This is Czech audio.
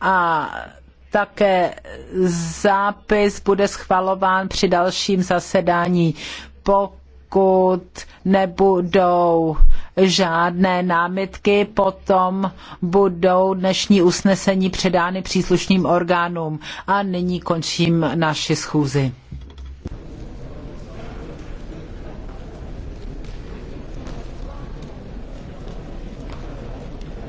a také zápis bude schvalován při dalším zasedání. Pokud nebudou žádné námitky, potom budou dnešní usnesení předány příslušným orgánům. A nyní končím naši schůzi.